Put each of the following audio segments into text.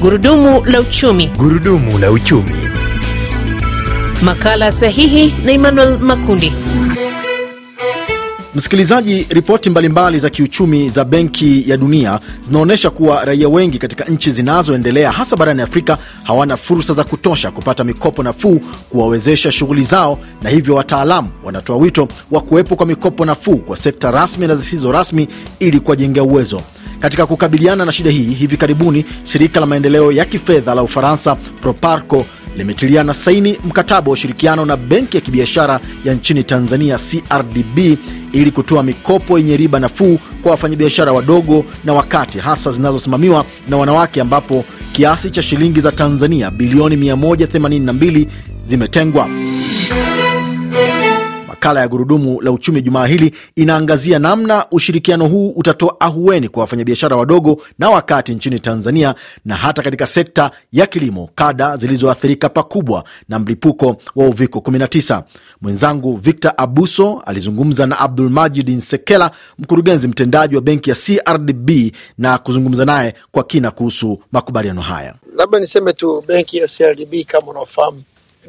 Gurudumu la uchumi. Gurudumu la uchumi. Makala sahihi na Emmanuel Makundi. Msikilizaji, ripoti mbalimbali za kiuchumi za Benki ya Dunia zinaonyesha kuwa raia wengi katika nchi zinazoendelea hasa barani Afrika hawana fursa za kutosha kupata mikopo nafuu kuwawezesha shughuli zao, na hivyo wataalamu wanatoa wito wa kuwepo kwa mikopo nafuu kwa sekta rasmi na zisizo rasmi ili kuwajengea uwezo. Katika kukabiliana na shida hii, hivi karibuni shirika la maendeleo ya kifedha la Ufaransa Proparco limetilia na saini mkataba wa ushirikiano na benki ya kibiashara ya nchini Tanzania CRDB ili kutoa mikopo yenye riba nafuu kwa wafanyabiashara wadogo na wakati, hasa zinazosimamiwa na wanawake, ambapo kiasi cha shilingi za Tanzania bilioni 182 zimetengwa. Makala ya Gurudumu la Uchumi jumaa hili inaangazia namna ushirikiano huu utatoa ahueni kwa wafanyabiashara wadogo na wakati nchini Tanzania na hata katika sekta ya kilimo, kada zilizoathirika pakubwa na mlipuko wa Uviko 19. Mwenzangu Victor Abuso alizungumza na Abdul Majid Nsekela, mkurugenzi mtendaji wa benki ya CRDB na kuzungumza naye kwa kina kuhusu makubaliano haya. Labda niseme tu benki ya CRDB kama unaofahamu,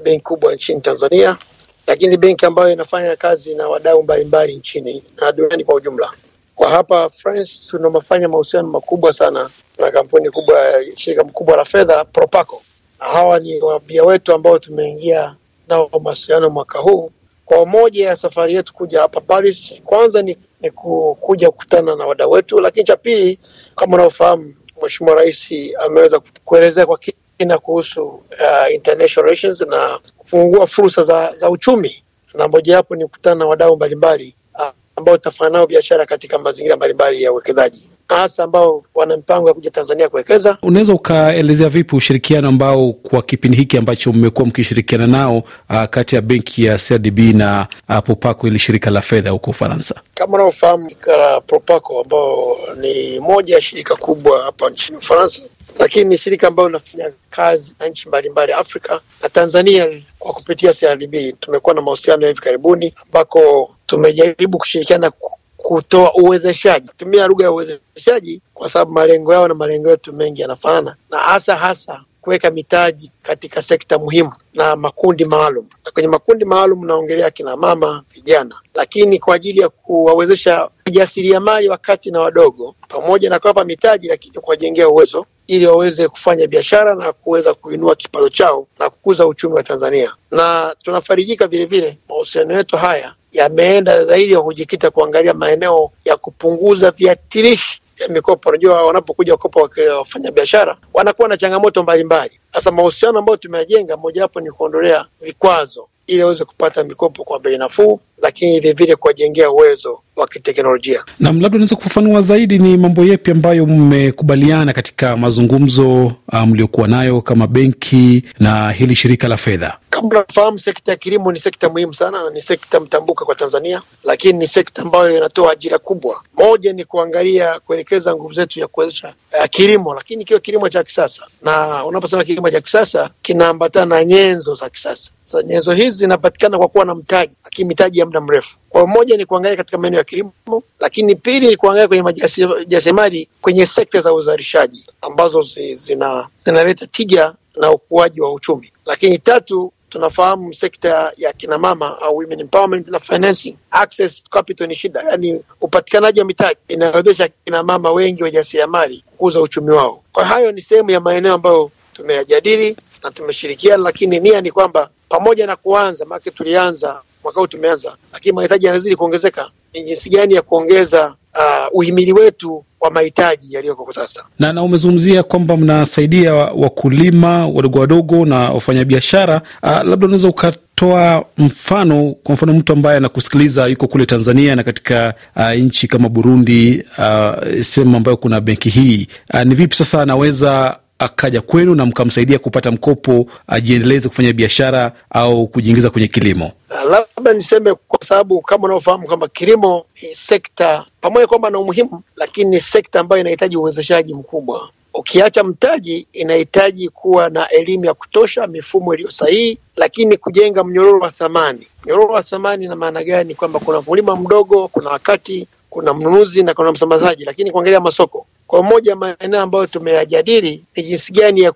benki kubwa nchini Tanzania lakini benki ambayo inafanya kazi na wadau mbalimbali nchini na duniani kwa ujumla. Kwa hapa France tunafanya mahusiano makubwa sana na kampuni kubwa ya shirika mkubwa la fedha Propaco, na hawa ni wabia wetu ambao tumeingia nao mawasiliano mwaka huu. Kwa moja ya safari yetu kuja hapa Paris, kwanza ni, ni kuja kukutana na wadau wetu, lakini cha pili, kama unavyofahamu, Mheshimiwa Rais ameweza kuelezea kwa kina kina kuhusu uh, international relations na kufungua fursa za, za uchumi, na mojawapo ni kukutana na wadau mbalimbali uh, ambao tutafanya nao biashara katika mazingira mbalimbali ya uwekezaji hasa ambao wana mpango ya kuja Tanzania kuwekeza. Unaweza ukaelezea vipi ushirikiano ambao kwa kipindi hiki ambacho mmekuwa mkishirikiana nao uh, kati ya benki ya CRDB na uh, Popaco ili shirika la fedha huko Ufaransa? Kama unavyofahamu, shirika la Popaco ambao ni moja ya shirika kubwa hapa nchini Ufaransa lakini ni shirika ambayo inafanya kazi na nchi mbalimbali Afrika na Tanzania. Kwa kupitia CRDB tumekuwa na mahusiano ya hivi karibuni, ambako tumejaribu kushirikiana kutoa uwezeshaji, tumia lugha ya uwezeshaji, kwa sababu malengo yao na malengo yetu mengi yanafanana, na hasa hasa kuweka mitaji katika sekta muhimu na makundi maalum. Na kwenye makundi maalum naongelea kina mama, vijana, lakini kwa ajili ya kuwawezesha wajasiriamali wakati na wadogo, pamoja na kuwapa mitaji, lakini kuwajengea uwezo ili waweze kufanya biashara na kuweza kuinua kipato chao na kukuza uchumi wa Tanzania. Na tunafarijika vilevile, mahusiano yetu haya yameenda zaidi ya kujikita kuangalia maeneo ya kupunguza viatilishi vya mikopo. Unajua, wanapokuja kopa wafanya biashara wanakuwa na changamoto mbalimbali. Sasa mahusiano ambayo tumeyajenga, mojawapo ni kuondolea vikwazo ili waweze kupata mikopo kwa bei nafuu, lakini vilevile kuwajengea uwezo wa kiteknolojia. Naam, labda unaweza kufafanua zaidi ni mambo yepi ambayo mmekubaliana katika mazungumzo ah, mliokuwa um, nayo kama benki na hili shirika la fedha? kabla fahamu, sekta ya kilimo ni sekta muhimu sana na ni sekta mtambuka kwa Tanzania, lakini ni sekta ambayo inatoa ajira kubwa. Moja ni kuangalia kuelekeza nguvu zetu ya kuwezesha uh, kilimo, lakini ikiwa kilimo cha kisasa, na unaposema kilimo cha kisasa kinaambatana na nyenzo za kisasa. Sasa nyenzo hizi zinapatikana kwa kuwa na mtaji, lakini mitaji ya muda mrefu. Kwa moja ni kuangalia katika maeneo ya kilimo, lakini pili ni kuangalia kwenye majasiriamali kwenye sekta za uzalishaji ambazo zi, zina, zinaleta tija na ukuaji wa uchumi, lakini tatu tunafahamu sekta ya kinamama au women empowerment na financing access capital ni shida, yani upatikanaji wa mitaji inawezesha kinamama wengi wajasiriamali kukuza uchumi wao. Kwa hayo ni sehemu ya maeneo ambayo tumeyajadili na tumeshirikiana, lakini nia ni kwamba pamoja na kuanza maake, tulianza mwaka huu tumeanza, lakini mahitaji yanazidi kuongezeka ni jinsi gani ya kuongeza uh, uhimili wetu wa mahitaji yaliyoko kwa sasa. Na, na umezungumzia kwamba mnasaidia wakulima wadogo wadogo na wafanyabiashara uh, labda unaweza ukatoa mfano, kwa mfano mtu ambaye anakusikiliza yuko kule Tanzania na katika uh, nchi kama Burundi, uh, sehemu ambayo kuna benki hii uh, ni vipi sasa anaweza akaja kwenu na mkamsaidia kupata mkopo ajiendeleze kufanya biashara au kujiingiza kwenye kilimo? Ah, labda niseme kwa sababu kama unavyofahamu kwamba kilimo ni sekta, pamoja kwamba na umuhimu, lakini ni sekta ambayo inahitaji uwezeshaji mkubwa. Ukiacha mtaji, inahitaji kuwa na elimu ya kutosha, mifumo iliyo sahihi, lakini kujenga mnyororo wa thamani. Mnyororo wa thamani na maana gani? Kwamba kuna mkulima mdogo, kuna wakati kuna mnunuzi na kuna msambazaji, lakini kuangalia masoko kwa moja maeneo ambayo tumeyajadili ni jinsi gani ya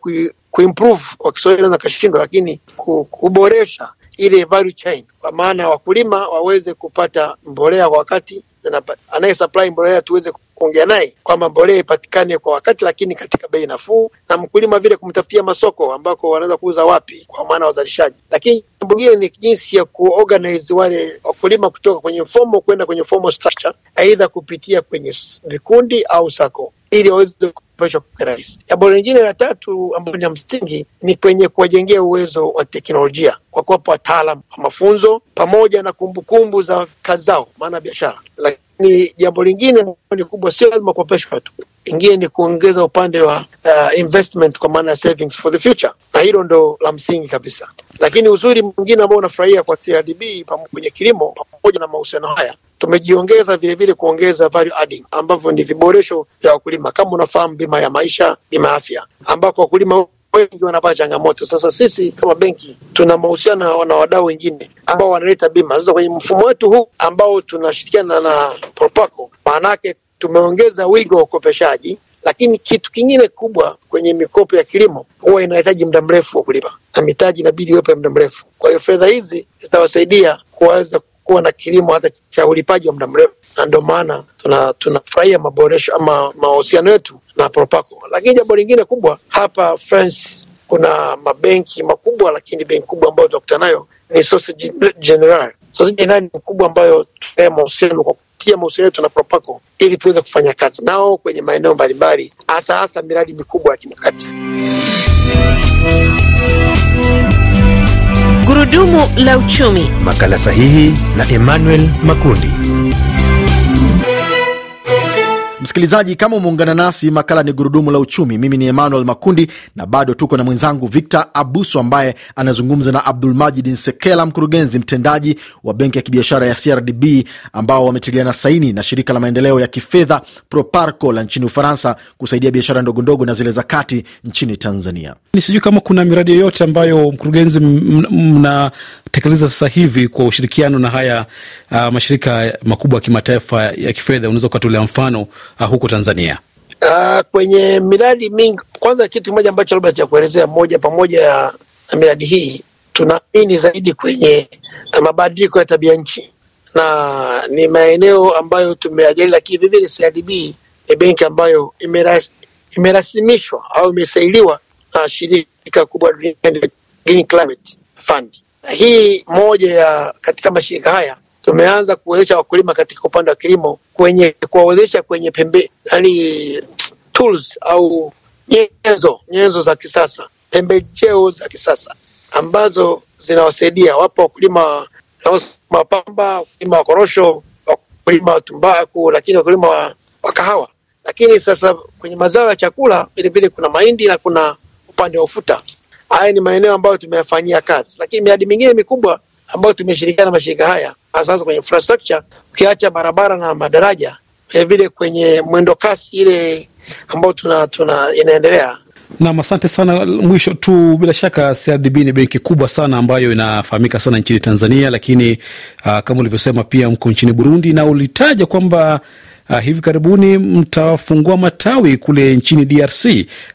kuimprove, kwa Kiswahili na kashindo, lakini kuboresha ile value chain, kwa maana wakulima waweze kupata mbolea kwa wakati, anaye supply mbolea tuweze kuongea naye kwamba mbolea ipatikane kwa wakati, lakini katika bei nafuu, na mkulima vile kumtafutia masoko ambako wanaweza kuuza wapi, kwa maana wazalishaji. Lakini jambo lingine ni jinsi ya kuorganize wale wakulima kutoka kwenye mfumo kwenda kwenye formal structure, aidha kupitia kwenye vikundi au sako ili waweze kupeshwa kwa rahisi. Jambo lingine la tatu ambayo ni ya msingi ni kwenye kuwajengea uwezo wa teknolojia kwa kuwapa wataalam wa mafunzo pamoja na kumbukumbu za kazi zao, maana biashara ni jambo lingine ni kubwa, sio lazima kuopeshwa tu, ingine ni kuongeza upande wa uh, investment kwa maana savings for the future, na hilo ndo la msingi kabisa. Lakini uzuri mwingine ambao unafurahia kwa CRDB kwenye kilimo, pamoja na mahusiano haya, tumejiongeza vilevile kuongeza value adding ambavyo ni viboresho vya wakulima, kama unafahamu, bima ya maisha, bima ya afya, ambako wakulima wengi wanapata changamoto. Sasa sisi kama benki tuna mahusiano na wadau wengine ambao wanaleta bima. Sasa kwenye mfumo wetu huu ambao tunashirikiana na Propaco, maanake tumeongeza wigo wa ukopeshaji lakini kitu kingine kubwa kwenye mikopo ya kilimo huwa inahitaji muda mrefu wa kulipa na mitaji inabidi iwepo ya muda mrefu. Kwa hiyo fedha hizi zitawasaidia kuweza kuwa na kilimo hata cha ulipaji wa muda mrefu, na ndio maana tunafurahia tuna maboresho ama mahusiano yetu na Propaco. Lakini jambo lingine kubwa hapa France kuna mabenki makubwa, lakini benki kubwa ambayo tunakutana nayo ni Societe Generale. Societe Generale ni mkubwa ambayo tunaye mahusiano kwa kupitia mahusiano yetu na Propaco ili tuweze kufanya kazi nao kwenye maeneo mbalimbali, hasa hasa miradi mikubwa ya kimkakati. Gurudumu la uchumi, makala sahihi na Emmanuel Makundi. Msikilizaji, kama umeungana nasi, makala ni gurudumu la uchumi. Mimi ni Emmanuel Makundi na bado tuko na mwenzangu Victor Abuso ambaye anazungumza na Abdul Majid Nsekela, mkurugenzi mtendaji wa benki ya kibiashara ya CRDB ambao wametiliana saini na shirika la maendeleo ya kifedha Proparco la nchini Ufaransa kusaidia biashara ndogondogo na zile za kati nchini Tanzania. sijui kama kuna miradi yoyote ambayo mkurugenzi mnatekeleza sasa hivi kwa ushirikiano na haya uh, mashirika makubwa ya kimataifa ya kifedha, unaweza ukatolea mfano Uh, huko Tanzania? Uh, kwenye miradi mingi, kwanza kitu kimoja ambacho labda cha kuelezea, moja pamoja na miradi hii tunaamini zaidi kwenye mabadiliko ya tabia nchi na ni maeneo ambayo tumeajali, lakini vivile CRDB ni benki ambayo imeras, imerasimishwa au imesailiwa na shirika kubwa duniani Green Climate Fund. Hii moja ya katika mashirika haya tumeanza kuwezesha wakulima katika upande wa kilimo kwenye kuwawezesha kwenye pembe, yani tools au nyenzo nyenzo za kisasa, pembejeo za kisasa ambazo zinawasaidia. Wapo wakulima wa pamba, wakulima wa korosho, wakulima wa tumbaku, lakini wakulima wa kahawa. Lakini sasa kwenye mazao ya chakula vilevile kuna mahindi na kuna upande wa ufuta. Haya ni maeneo ambayo tumeyafanyia kazi, lakini miradi mingine mikubwa ambayo tumeshirikiana na mashirika haya hasa hasa kwenye infrastructure, ukiacha barabara na madaraja, vilevile kwenye mwendo kasi ile ambayo tuna, tuna inaendelea Nam, asante sana. Mwisho tu, bila shaka CRDB ni benki kubwa sana ambayo inafahamika sana nchini Tanzania, lakini uh, kama ulivyosema pia mko nchini Burundi na ulitaja kwamba uh, hivi karibuni mtafungua matawi kule nchini DRC.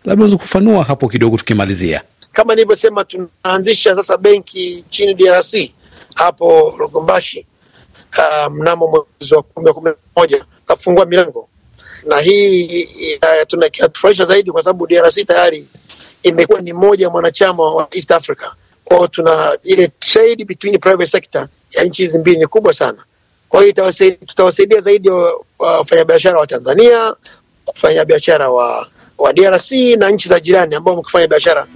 Labda unaweza kufanua hapo kidogo tukimalizia. Kama nilivyosema, tunaanzisha sasa benki nchini DRC hapo Lubumbashi uh, mnamo mwezi wa kumi kumi na moja kafungua milango, na hii uh, tunatufurahisha zaidi kwa sababu DRC tayari imekuwa ni moja mwanachama wa East Africa kwao. Tuna ile trade between private sector ya nchi hizi mbili ni kubwa sana. Kwa hiyo tutawasaidia zaidi uh, wafanyabiashara wa Tanzania, wafanyabiashara wa, wa DRC na nchi za jirani ambao wamekufanya biashara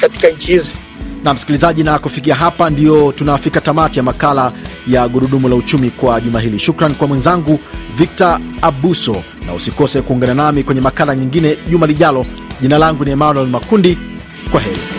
katika nchi hizi. Na msikilizaji, na kufikia hapa ndio tunafika tamati ya makala ya gurudumu la uchumi kwa juma hili. Shukran kwa mwenzangu Victor Abuso, na usikose kuungana nami kwenye makala nyingine juma lijalo. Jina langu ni Emmanuel Makundi. Kwa heri.